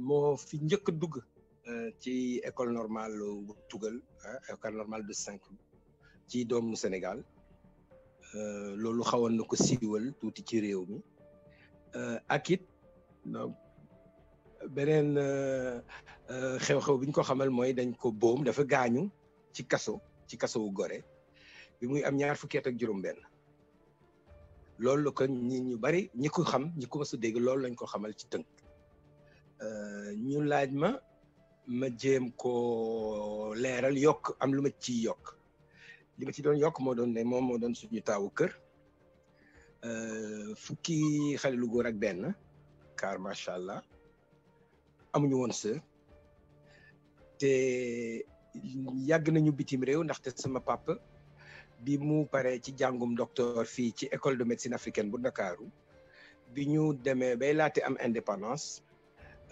moo fi njëkk a dugg euh, ci école normale bu tugal euh, école normale de cinq ci doomu Sénégal euh, loolu xawoon na ko siiwal tuuti ci réew mi ak it beneen xew-xew bi ñu ko xamal mooy dañ ko boom dafa gaañu ci kaso ci kaso wu gore bi muy am ñaar fukki at ak juróom-benn loolu la ko ñi ñu bari ñi xam ñi ko mësu dégg loolu lañ ko xamal ci tënk. Euh, ñu laaj ma ma jéem ko leeral yokk am lu ma ci yokk li ma ci doon yokk moo doon ne moom moo doon suñu taawu kër euh, fukki xale lu góor ak benn car macha allah amuñu woon sër te yàgg nañu bitim réew ndaxte sama papa bi mu paree ci jàngum docteur fii ci école de médecine africaine bu Ndakaaru bi ñu demee bay laate am indépendance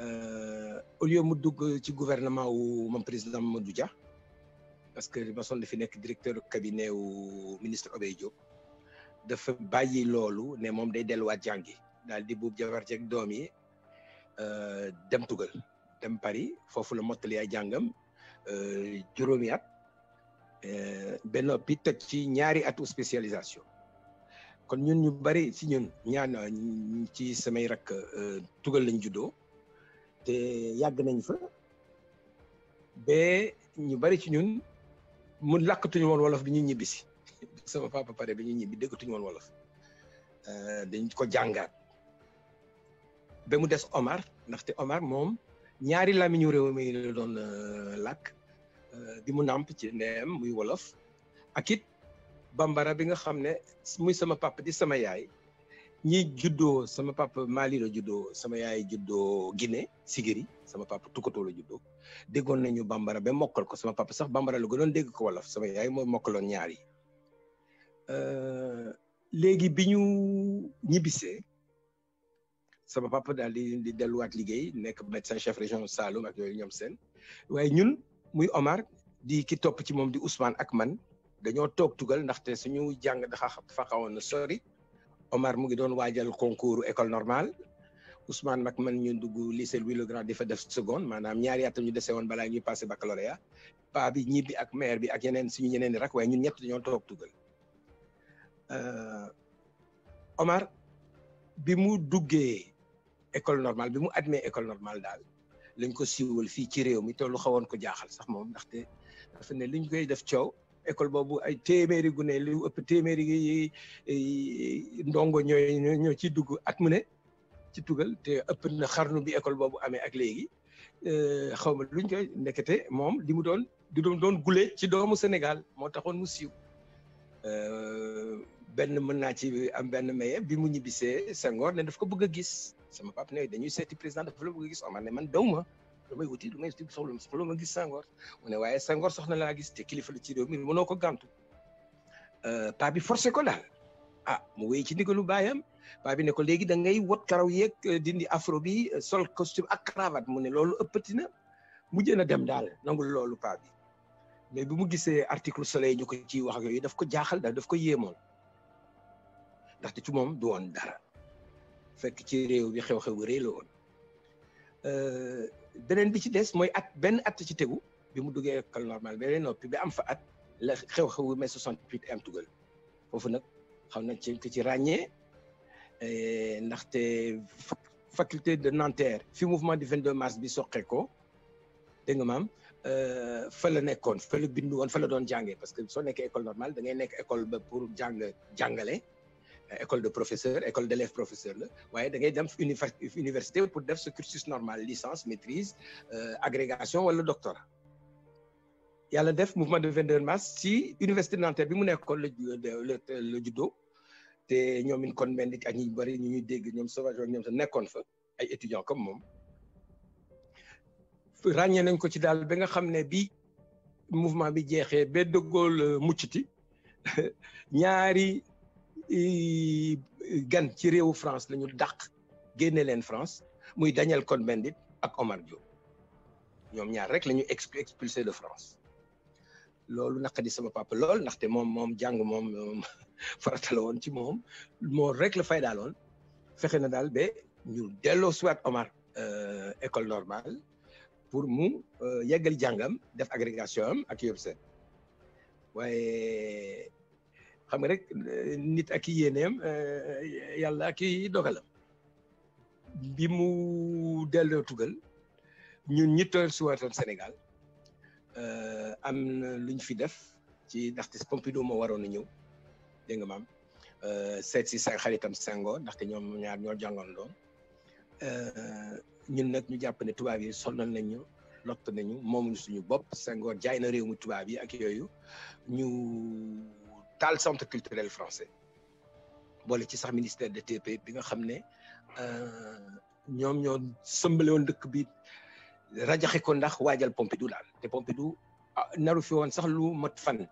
Euh, au lieu de dugg ci gouvernement wu mon président Mamadou Dia parce que Masson dafi nekk directeur cabinet wu ministre Obey de faire bàyyi loolu ne mom day delluwaat jàngi daal di buub jabar jeeg domi euh dem tugal dem Paris foofu la mottali ay euh juromi at ben bi teg ci ñaari atu spécialisation kon ñun ñu bari ci ñun ñaan ci samay euh tugal lañ juddoo te yag nañ fa be ñu bari ci ñun mu lakkatuñu won wolof bi ñu ñibbi si sama papa paré bi ñu ñibbi déggatuñu won wolof euh, dañ ko jàngaat be mu dess Omar te Omar mom, ñaari ñu rew mi la doon euh, lak, euh, di mu namp ci ndem muy wolof akit bambara bi nga xam muy sama papa di sama yaay ñi judo sama papa mali la sama yaay judo guiné sigiri sama papa tukoto la juddoo degon nañu bambara be mokal ko sama papa sax bambara la gënon deg ko wala sama yaay mo mokalon ñaar yi euh, léegi bi ñu sama papa dal di di wat liggéey nek médecin chef région Salo, ak yoy ñom sen waaye ñun muy omar di ki top ci mom di ousmane ak man dañoo toog tugal ndaxte suñu jàng dafa xawoon sori Omar mu ngi doon waajal concours école normal Ousmane mag man ñu dugg lycée Louis le Grand di fa def seconde maanaam ñaari atam ñu dese woon balaa ñuy passé baccalauréat paa bi ñibbi ak maire bi ak yeneen suñu yeneen rak waaye ñun ñett dañoo toog tugal euh, Omar bi mu duggee école normale bi mu admee école normale daal lañ ko siiwal fii ci réew mi te lu xawoon ko jaaxal sax moom ndaxte dafa ne liñ koy def coow. école bobu ay téeméeri ëpp yi ndongo ñoo dugg at ci tugal te ëpp na xarnu bi école ak euh, doon di doon doon ci doomu Sénégal mo euh, ci am maye bi mu ne daf ko bëgg gis sama dañuy président dafa bëgg gis damay wuti lu may wuti soxla soxla gis sangoor mu ne waaye Senghor soxna laa gis te kilifa la ci réew mi mënoo ko gàntu euh, paa bi forcé ko daal a ah, mu wéy ci ndigalu baayam paa bi ne ko léegi da ngay wot karaw yeeg euh, dindi afro bi euh, sol costume ak cravate mu ne loolu ëppati na mujjee na dem daal nangul loolu paa bi mais bi mu gisee article soleil ñu ko ciy yooyu daf ko jaaxal daal daf ko yéemoon ndaxte ci moom du woon dara fekk ci réew bi xew-xew bu rëy la woon beneen bi ci des mooy at benn at ci tegu bi mu duggee école normale beneen noppi bi am fa at la xew-xewu mai 68 am tugal foofu nag xaw nañ ci ko ci ràññee eh, ndaxte faculté de Nanterre fi mouvement du 22 mars bi soqee ko dégg nga maam euh, fa la nekkoon fa la bindu woon fa la doon jàngee parce que soo nekkee école normale da ngay nekk école ba pour jàng jàngale école de professeur école d'élèves professeurs. Vous da université pour faire ce cursus normal licence maîtrise euh, agrégation ou le doctorat a le mouvement de 22 mars si université Nanterre bi école nekkoon judo, judo, kon étudiants comme moi. ragné nañ ko ci dal ba nga xamné bi mouvement bi de mucciti gan ci réewu France lañu ñu dàq génne leen France muy Daniel cohn ak Omar Diop ñoom ñaar rek lañu ñu expulsé de France loolu naka di sama papa lool ndaxte moom moom jàng moom farata la woon ci moom moo rek la fay daaloon fexe na daal ba ñu delloo soit Omar euh, école normale pour mu euh, yeggal jàngam def agrégation am ak yóbbu seen waaye xam nga rek euh, nit ak i yéeneem euh, yàlla ak i dogalam bi mu delloo tugal ñun ñi tooyal suwaatoon Sénégal euh, am na luñ fi def ci ndaxte Pompidou moo waroon a ñëw dégg nga maam seet si sa xaritam Senghor ndaxte ñoom ñaar ñoo jàngoon doon ñun nag ñu jàpp ne tubaab yi sonal nañ ñu lott nañu moomuñu suñu bopp Senghor jaay na réew mi tubaab yi ak yooyu ñu. centre culturel français Bon, le ministère de TP bi nga nous euh, ñoo de dëkk bi Pompidou Pompidou ah, nous avons sax lu mat fan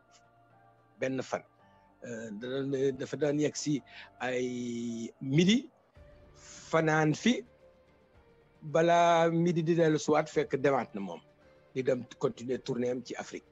Ben fan euh, dafa de ay midi fi bala midi di le soir, fekk na di continuer tourner am ci Afrique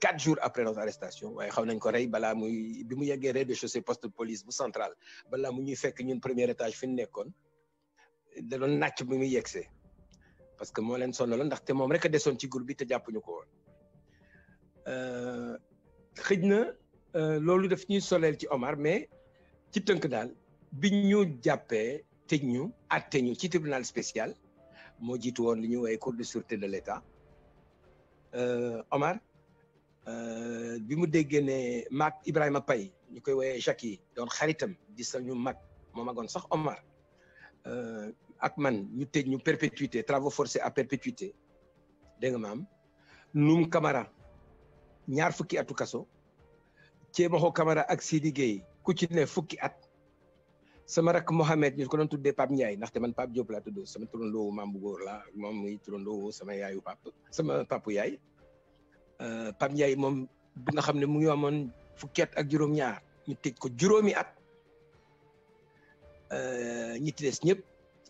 quatre jours après notre arrestation waaye xaw ko rey balaa muy de chaussée poste de police bu central bala mu ñuy fekk ñun premier étage fi ñu da doon nàcc bi muy parce que moo leen ndax té mom rek a desoon ci groupe bi te jàppuñu ko woon euh, xëj na euh, loolu daf ñuy solel ci Omar mais ci teunk dal bi ñu jappé tëj ñu ñu ci tribunal spécial mo jitu won li ñu woowee cour de sûreté de l'État euh, Omar euh, bi mu déggee ne maag Ibrahima Paye ñu koy woowee Jackie doon xaritam di sañu mag moo magoon sax Omar euh, ak man ñu tëj ñu perpétuité travaux forcés à perpétuité dégg nga maam Loum Camara ñaar fukki atu kaso Thiemokho Camara ak Sidi Gueye ku ci ne fukki at. sama rak Mohamed ñu ko doon tuddee Pape Ndiaye ndaxte man Pape Diop laa tudd sama turandoo maam bu góor la moom muy turandoo sama yaayu pap sama papu yaay euh, Pape Ndiaye moom bi nga xam ne mu ngi amoon fukki ak juróom ñu tëj ko juróomi at euh, ñi ci des ñëpp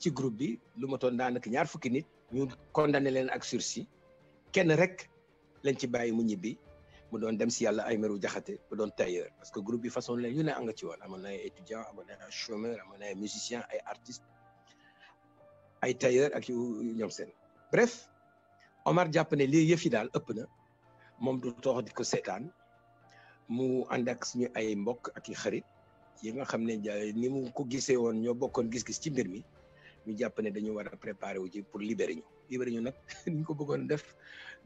ci groupe bi lu ma toon daanaka ñaar fukki nit ñu condamné leen ak sursis kenn rek lañ ci bàyyi mu ñibbi mu doon dem si yàlla ay meru jaxate mu doon tailleur parce que groupe bi façon la ñu ne nga ci woon amoon na ay étudiant amoon na ay chômeur amoon ay musicien ay artiste ak yu ñoom seen bref Omar jàpp ne lii yëf yi daal ëpp na moom du toox di ko seetaan mu ànd ak suñu ay mbokk ak i xarit yi nga xam ne ni mu ko gisee woon ñoo bokkoon gis-gis ci mbir mi ñu jàpp ne dañu war a préparer wu ji pour libérer ñu libérer ñu nag ni ñu ko bëggoon def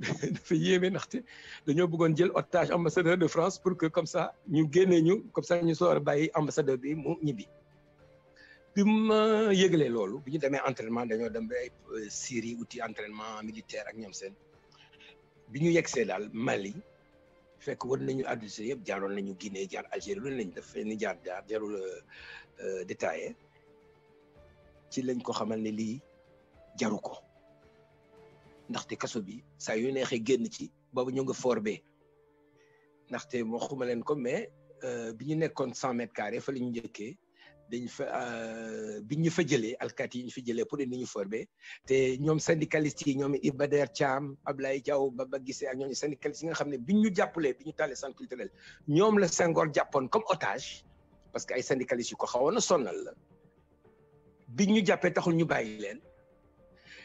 dafa yéeme ndaxte dañoo bëggoon jël otage ambassadeur de France pour que comme ça ñu génnee ñu comme ça ñu soor a bàyyi ambassadeur bi mu ñibbi bi ma yëgalee loolu bi ñu demee entraînement dañoo dem ba euh, Syrie outil entraînement militaire ak ñoom seen bi ñu yegsee daal Mali fekk war nañu addusé yëpp jaaroon nañu Guinée jaar Algérie loolu lañ def ni jaar jaar jarul euh, euh, détaillé ci lañ ko xamal ne lii jaru ko. ndaxte kaso bi saa yu neexee génn ci boobu ñu nga for bee ndaxte moo xuma leen ko mais euh, bi ñu nekkoon cent mètres carrés fa la ñu njëkkee dañ fa euh, bi ñu fa jëlee alkaati yi ñu fa jëlee pour ni ñu forbe te ñoom syndicalistes yi ñoom Iba Der Thiam Ablaye ba Baba Guissé ak ñooñu syndicalistes yi nga xam ne bi ñu jàppalee bi ñu tàllee centre culturel ñoom la Senghor jàppoon comme otage parce que ay syndicalistes yu ko xawoon a sonnal la bi ñu jàppee taxul ñu bàyyi leen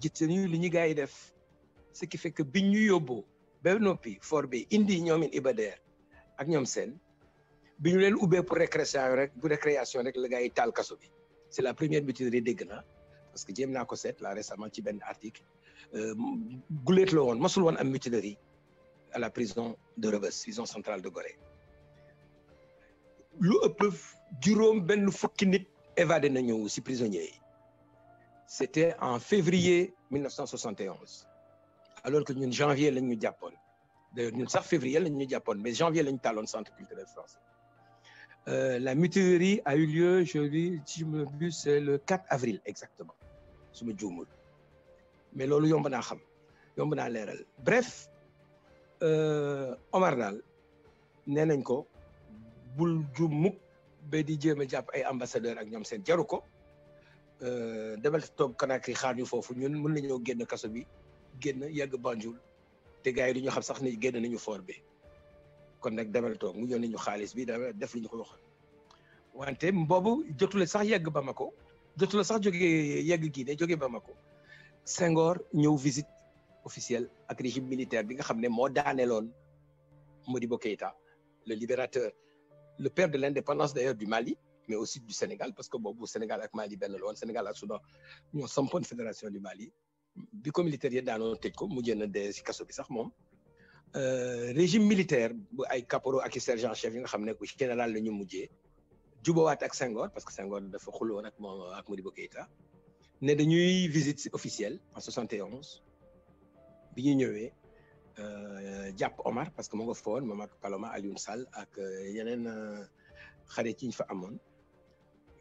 gis nañu li ñi gars def ce qui fait que biñ ñu yóbboo ba noppi for bi indi ñoom Ibader ak ñoom seen bi ñu leen ubbee pour récréation rek bu récréation rek la gars yi taal kaso bi c'est la première mutinerie dégg na parce que jéem naa ko seet la récemment ci benn article euh, guleet la woon masul woon am mutinerie à la prison de Rebeuss prison centrale de Gorée lu ëpp juróom benn fukki nit évadé nañu si prisonniers yi c'était en février 1971 alors que ñun janvier lañ ñu Japon. d'ailleurs ñun sax février lañ ñu Japon, mais janvier lañ talon centre culturel français euh, la mutinerie a eu lieu je dis je me c'est le 4 avril exactement su ma mais c'est ce que xam yomb naa bref euh, Omar Dial, nee nañ ko bul ju mukk ba di ambassadeur ak ñoom Euh, demal toog Conakry xaar ñu foofu ñun mën nañoo génn kaso bi génn yegg Banjul te gars yi du ñu xam sax ni génn nañu foor bi kon nag demal toog mu yónnee ñu xaalis bi dafa def li ñu ko waxoon wante boobu jotule sax yegg Bamako jotule sax jógee yegg Guinée jógee Bamako Senghor ñëw visit officielle ak régime militaire bi nga xam ne moo daaneeloon Modibo Keïta le libérateur le père de l'indépendance d'ailleurs du Mali mais aussi du Sénégal parce que boobu Sénégal ak Mali benn le Sénégal ak Soudan pas une fédération du Mali bi ko militaire dans daanoo tëj y en a des si sont bi sax euh, régime militaire bu ay caporo ak sergent chef yi nga xam ne général la ñu mujjee jubawaat ak Senghor parce que Senghor dafa xuloo ak moom ak Modibo Keïta né dañuy visite officielle en 71 bi ñu euh Diap Omar parce que moo nga foon moom ak Paloma Alioune Sall ak euh, yenen euh, xarit yi ñu fa amone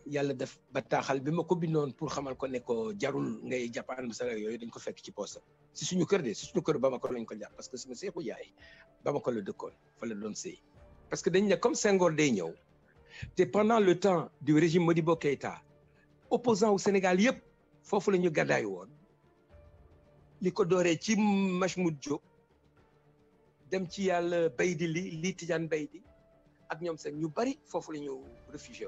yàlla def bataaxal bi ma ko bindoon pour xamal ko ne ko jarul ngay jàppaan bu salaire yooyu dañ ko fekk ci poosam si suñu kër de si suñu kër Bamako lañ ko jàpp parce que sama seexu yaay ko la dëkkoon fa la doon sëy parce que dañ ne comme Senghor day ñëw te pendant le temps du régime Modibo Keïta opposant au Sénégal yëpp foofu la ñu gàddaay woon li ko dooree ci Mahmoud Diop dem ci yàlla bay di li lii Tidiane bay ak ñoom seen ñu bari foofu la ñu réfugié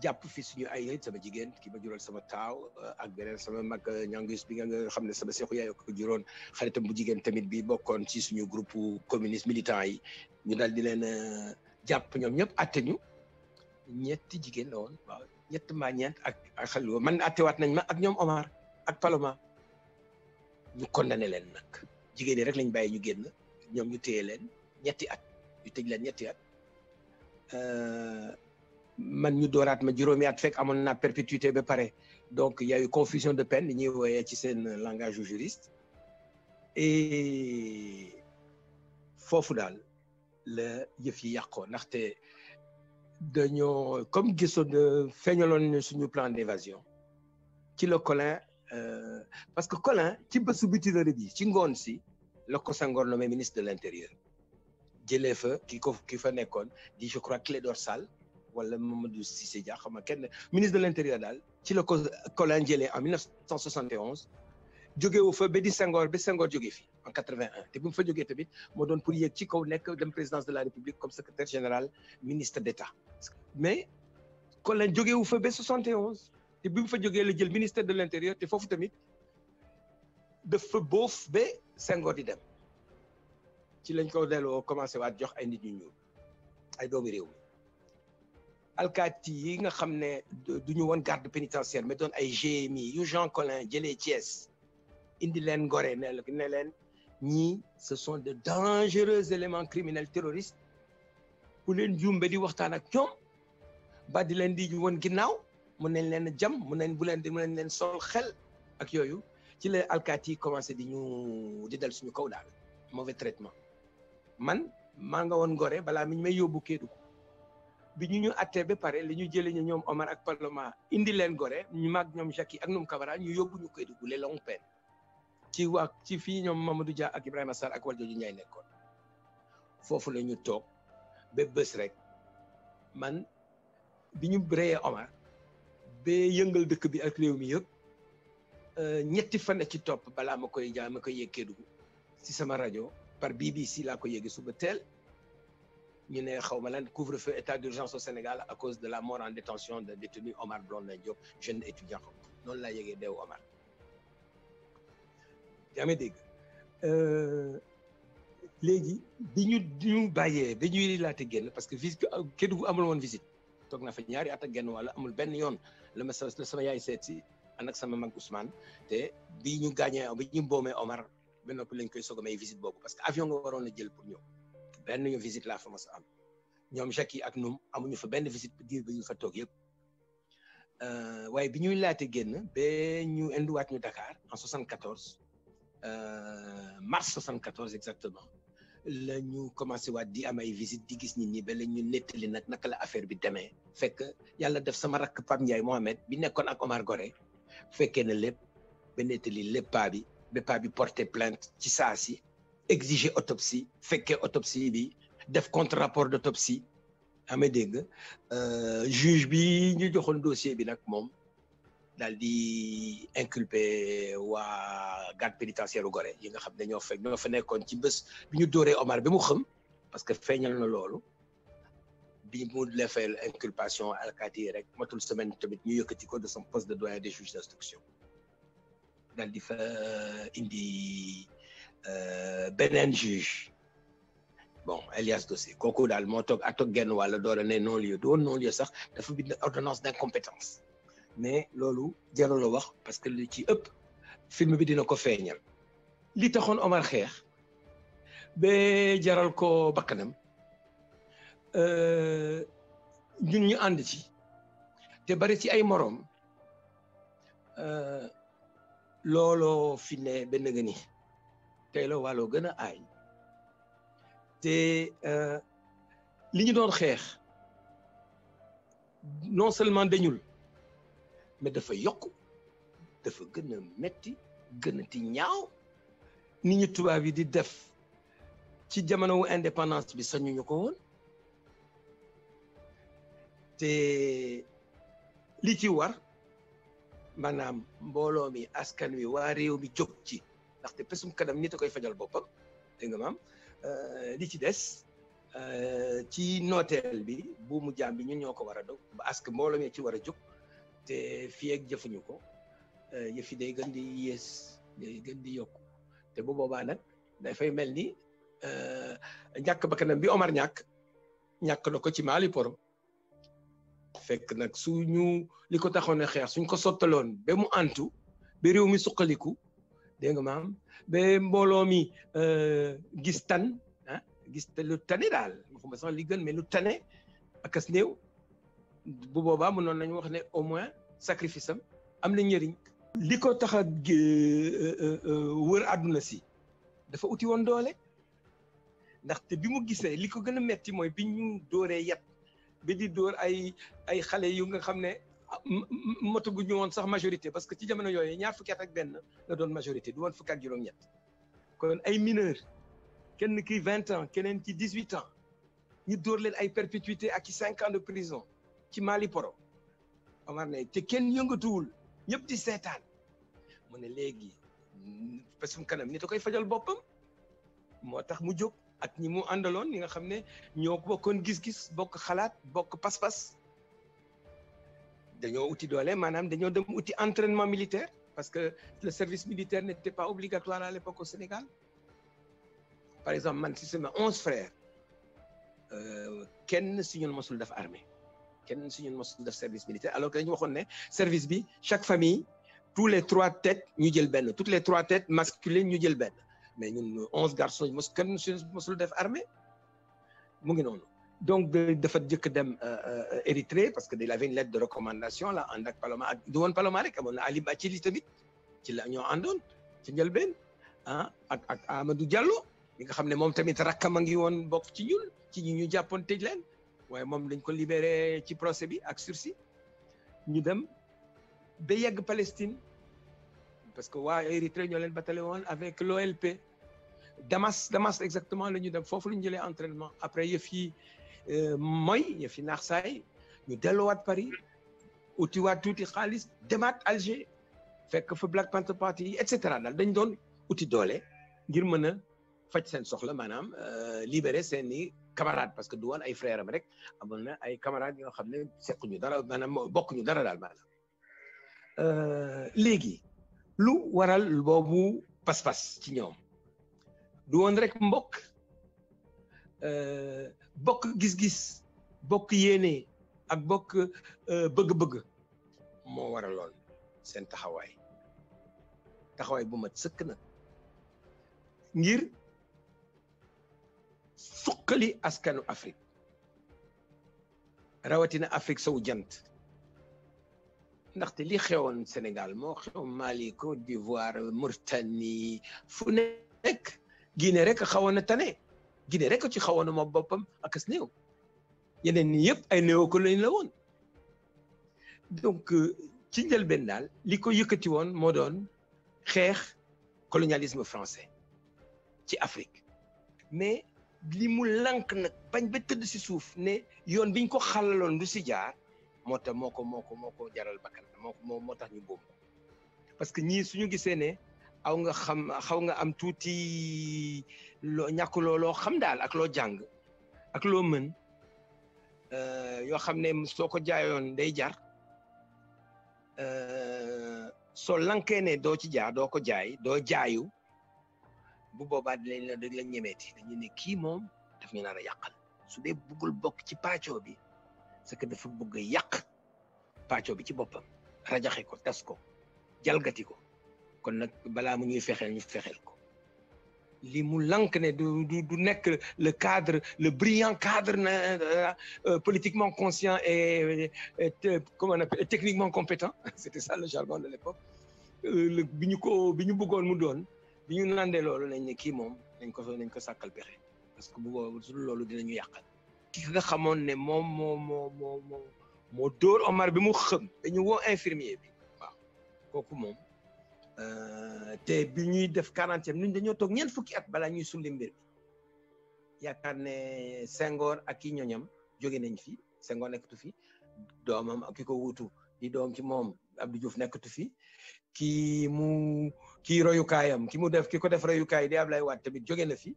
japp fi suñu ay eh, sama jigen, ki ma jural sama taw ak benen sama mak ñangus eh, eh, bi nga xamne sama cheikh yaay ko juron xaritam bu jigen tamit bi bokkon ci suñu groupe communiste militant yi ñu dal di len japp ñom ñep atté ñu jigen la won waaw ñett ma ñent ak man wat nañ ma ak ñom Omar ak Paloma ñu condamné len nak jigen, yi rek lañ bayyi ñu genn ñom ñu téyé len ñetti at ñu tej len ñetti at man ñu dooraat ma juroomi at fekk amoon naa perpétuité ba pare donc il y a eu confusion de peine ni ñuy wooyee ci seen langage juriste et foofu daal la yëf yi yàqoo ndaxte dañoo comme gisoon feeñaloon ne suñu plan d'évasion ci le Collin euh, parce que Collin ci bésu butinerie bi ci ngoon si le ko Senghor nommé ministre de l'intérieur jëlee fa ki ko ki fa nekkoon di je crois clé dorsale wala Mamadou Cissé Dia xama nga kenn ministre de l'Intérieur, dal ci le ko Collin en 1971 djogé wu fa ba di Senghor ba Senghor jóge fi en 81 té bu mu fa jógee tamit mo don pour yé ci kaw nek dem présidence de la république comme secrétaire général ministre d'État. mais Collin djogé wu fa be 71 té bu fa djogé le jël ministère de l'intérieur té fofu tamit De dafa boof be Senghor di dem ci lañ ko délo commencé wat jox ay nit ñu ñuul ay doomi réew mi alkaati yi nga xam ne du ñu garde pénitentiaire mais doon ay GMI yu Jean colin jëlee Thiès indi leen Gorée ne ne leen ñii ce sont de dangereux éléments criminels terroristes bu leen jumbe di waxtaan ak ñoom ba di leen di won ginnaaw mun nañ leen jam mun nañ bu leen di mun nañ leen sol xel ak yooyu ci la alkaati commencé di ñu di dal suñu kaw daal mauvais traitement man maa nga woon Gorée balaa miñ may yóbbu Kédougou bi ñu ñu atté ba paré li ñu ñi ñom Omar ak Paloma indi leen gore ñu mag ñom Jackie ak num Kabara ñu yobbu ñu koy duggu les long peine ci wa ci fi ñom Mamadou Dia ak Ibrahima Sall ak Waljo Ndiaye nekkon fofu la ñu toog ba rek man bi ñu breyee Omar ba yëngal dëkk bi ak réew mi yëpp euh, ñetti fan ci top bala ma koy jaam ma koy ci sama radio par BBC la ko yéggé suba tel ñu ne couvre-feu état d'urgence au Sénégal à cause de la mort en détention de détenu Omar Blondin Diop jeune étudiant non la yégué déw Omar yaa ngi dégg euh, léegi bi ñu bayé dañuy bi génn parce que visite Kédougou amul won visite tok na fa ñaari at ak genn wàll amul ben yoon le ma sa sama yaay seet si ak sama mag Ousmane té bi ñu gaañee bi ñu boomee Omar ben noppi lañ koy soog visite boobu parce que avion nga waron la jël pour ñëw. Ben ñu visite Nous fa am ak avons amuñu fa benn visite diir ba ñu fa toog yëpp euh, waaye bi ñuy laate génn ba ñu ñu en 74 euh, mars 74 exactement la ñu commencé waat di am visite di gis nit ñi la ñu nettali nag la affaire bi demee fekk yàlla def sama rakk Pape Mohamed bi nekkoon ak Omar Goré fekkee na lépp ba nettali lépp paa porté plainte ci saa exiger autopsie fekkee autopsie bi def contre rapport d'autopsie, autopsie amee dégg euh, juge bi ñu joxoon dossier bi nak mom dal di inculper wa garde pénitentiaire Gorée yi nga xam dañu ñoo fa ñoo fa nekkoon ci bëss bi ñu dóoree Omar bi mu xam parce que feeñal na lolu bi mu defee inculpation alkaati yi rek matul semaine tamit ñu yëkkati ko de son poste de doyen des juges d'instruction. dal di fa euh, indi. Euh, benen juge bon Elias dossier. Coco daal moo toog ak toog genn ne non lieu doon non lieu sax dafa bind ordonnance d'incompétence mais lolu jarul wax parce que li ci ëpp film bi dina ko feñal li taxone Omar xeex be jaral ko bakkanam euh, ñun ñu and ci te bari ci ay euh, fi ne ben nga la wàlloo gëna euh, non seulement dañul mais dafa yok dafa gëna metti gëna ti ñaaw ni ñu di def ci indépendance bi sañu ñuko won té li ci war manam mbolo mi askan wi ndaxte pesum kanam nit koy fajal bopam dégg nga euh li ci euh ci notel bi bu mu jambi ñun ñoko wara do ba ask parce que mbooloo ci wara juk jóg te fii ak jëfuñu ko euh, yëf yi day gën di yes day gën di yok te bu boobaa nag dafay mel ni euh, ba kanam bi Omar ñak ñak na ko ci mali poro fek nak suñu liko taxone xex suñ ko sotalon be mu antu beri umi mi dégg nga maam ba mbooloo mi euh, gis tan ah, gis lu tane daal xuma sax li gën mais lu tane ak as néew bu boobaa mënoon nañu wax ne au moins sacrifice am am na njëriñ. li ko tax a euh, euh, wër àdduna si dafa uti woon doole ndaxte bi mu gisee li ko gën a metti mooy bi ñu dóoree yat bi di dóor ay ay xale yu nga xam ne. mataguñu woon sax majorité parce que ci jamono yoy ñaar fukkat ak ben la majorité du won fukkat kon ay mineur kenn ki 20 ans keneen ki 18 ans ñu door leen ay perpétuité ak 5 ans de prison ci Mali Poro ne te ne kanam a fajal bopam motax mu ak ñi mu la ñi nga xamne ne gis-gis pas-pas dañoo outil doole maanaam dañoo dem militaire parce que le service militaire n'était pas obligatoire à l'époque au Sénégal par exemple man si sama onze frères euh, kenn si ñun mosul def armée kenn si ñun mosul def service militaire alors que dañu waxoon ne service bi chaque famille tous les trois têtes ñu jël benn toutes les trois têtes masculines ñu jël benn mais ñun onze garçons mos kenn si mosul def armée mu ngi donc dafa jëkk dem euh, euh, Érythrée parce que il avait une lettre de recommandation là en ak Paloma du woon Paloma rek amoon na Ali Bathily tamit ci la ñoo àndoon ci njëlbeen hein ak ak Amadou Diallo mi nga xam mom tamit rakam a ngi woon bokk ci ñun ci ñi ñu jàppoon tëj leen waye mom dañ ko libéré ci procès bi ak sursis ñu dem ba yegg Palestine parce que wa Érythrée ñoo leen batale avec l'OLP Damas Damas exactement la ñu dem foofu la ñu jëlee entraînement après yëf مي في نقصاي يدلوات باري وتيوات توتي خالص دمات ألجي فك في بلاك بانت باتي اتسترا دال دن دون وتي دولي غير منا فاج سن سوخلا مانام آه، ليبري سيني كامارات باسكو دوان اي فرير امريك امنا اي كامارات يو خامني سيقو ني دارا مانام بوك ني دال مانام ا آه، ليغي لو ورال بوبو باس باس تي دوان ريك مبوك Euh, bokk gis-gis bokk yéene ak bokk euh, bëgg-bëgg moo waraloon seen taxawaay taxawaay bu mat sëkk na ngir suqali askanu Afrique rawatina Afrique sowu jant ndaxte li xewoon senegal moo xew Mali Côte d'Ivoire Mauritanie fu nekk rek xawoon na tane Guinée rek ci xawoon moom boppam ak as néew yeneen ni yëpp ay néew ko la woon donc euh, ci njëlbeen daal li ko yëkkati woon moo doon xeex colonialisme français ci Afrique mais li mu lànk nag bañ ba tëdd si suuf ne yoon biñ ko xalaloon du si jaar moo tax moo ko moo ko moo ko jaral bakkan moo moo moo tax parce que ñii suñu gisee ne aw nga xam xaw nga am tuuti loo ñàkk loo xam daal ak loo jàng ak loo mën euh, yoo xam ne soo ko jaayoon day jar euh, soo lankee ne doo ci jaar doo ko jaay doo jaayu bu boobaa dinañ la dëgg la ñemeeti dañu ne kii moom daf ñu naan a su dee bëggul bok ci pàccoo bi parce que dafa bëgg a yàq pàccoo bi ci boppam rajaxe ko tas ko jalgati ko kon nak bala mu ñuy fexel ñu fexel ko li mu lank ne du du du nekk le cadre le brillant cadre euh, euh, politiquement conscient et comment on appelle techniquement compétent c'était ça le jargon de l'époque euh, bi ñu ko biñu ñu bëggoon mu doon biñu nandé nandee loolu nañ ne kii moom nañ ko lañ ko sakal pexe parce que bu boobaa su loolu dinañu yakal ki nga xamone ne mom moo moo moo mo moo dóor Omar bi mu xam dañu wo infirmier bi waaw kooku moom euh, te bi ñuy def quarantième ñun dañu tok ñen fukki at bala ñuy sulli mbir bi yaakaar ne Senghor ak i ñoñam jóge nañ fi sengor Senghor tu fi domam ak kiko wutu di dom ci mom Abdou Diouf tu fi ki mu ki royu kayam ki mu def kiko def royu kay di ablay wat tamit jóge na fi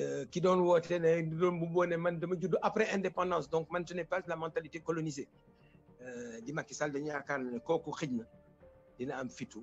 euh, ki doon woote ne doon bu boné man dama judd après indépendance donc man je n'ai pas la mentalité colonisée euh, di Macky Sall dañu yaakaar koku kooku dina am fitu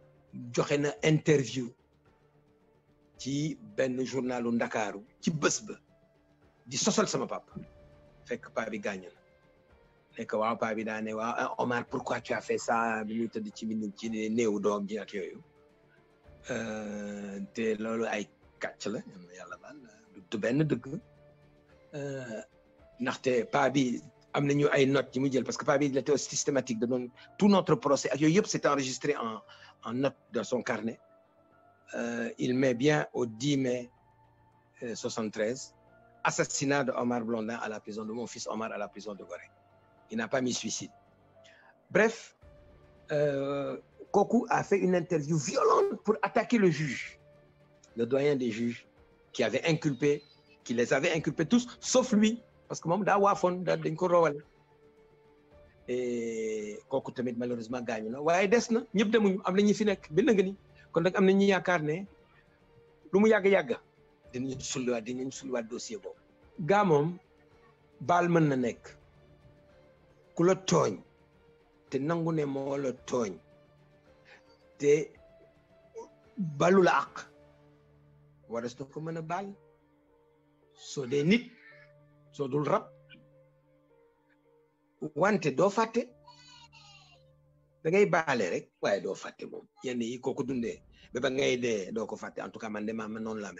joxe na interview ci ben journalu Ndakaaru ci bés ba di sosal sama papa fekk paa bi gagné, na nekk waaw paa bi daa ne waaw ah, Omar pourquoi tu as fait ça bi muy tëdd ci bind ci néewu doom ji ak euh te loolu ay katch la yalla baal du benn dëgg euh, ndaxte paa bi am nañu ay note ci mu jël parce que paa bi il systématique de tout notre procès ak yooyu yëpp c'est enregistré en en note dans son carnet. Euh, il met bien au 10 mai 73 euh, assassinat de Omar Blondin à la prison de mon fils Omar à la prison de Gorée. Il n'a pas mis suicide. Bref, euh, a fait une interview violente pour attaquer le juge, le doyen des juges, qui avait inculpé, qui les avait inculpés tous, sauf lui, parce que même Dawafon, Dinkorowal. kooku tamit malheureusement gaañu na waaye des na ñëpp demuñu am na ñi fi nekk binna nga ni kon nag am na ñu yaakaar ne lu mu yàgg yàgg dinañ sulliwaat dinañ sulliwaat dossier boobu. gaa moom baal mën na nekk ku la tooñ te nangu ne moo la tooñ te balu la àq waras na ko mën a baal soo de nit soo dul rab. wante doo fàtte da ngay baale rek waaye doo fàtte moom yenn yi kooku dundee ba ba ngay dee doo ko fàtte en tout cas man de ma noonu laa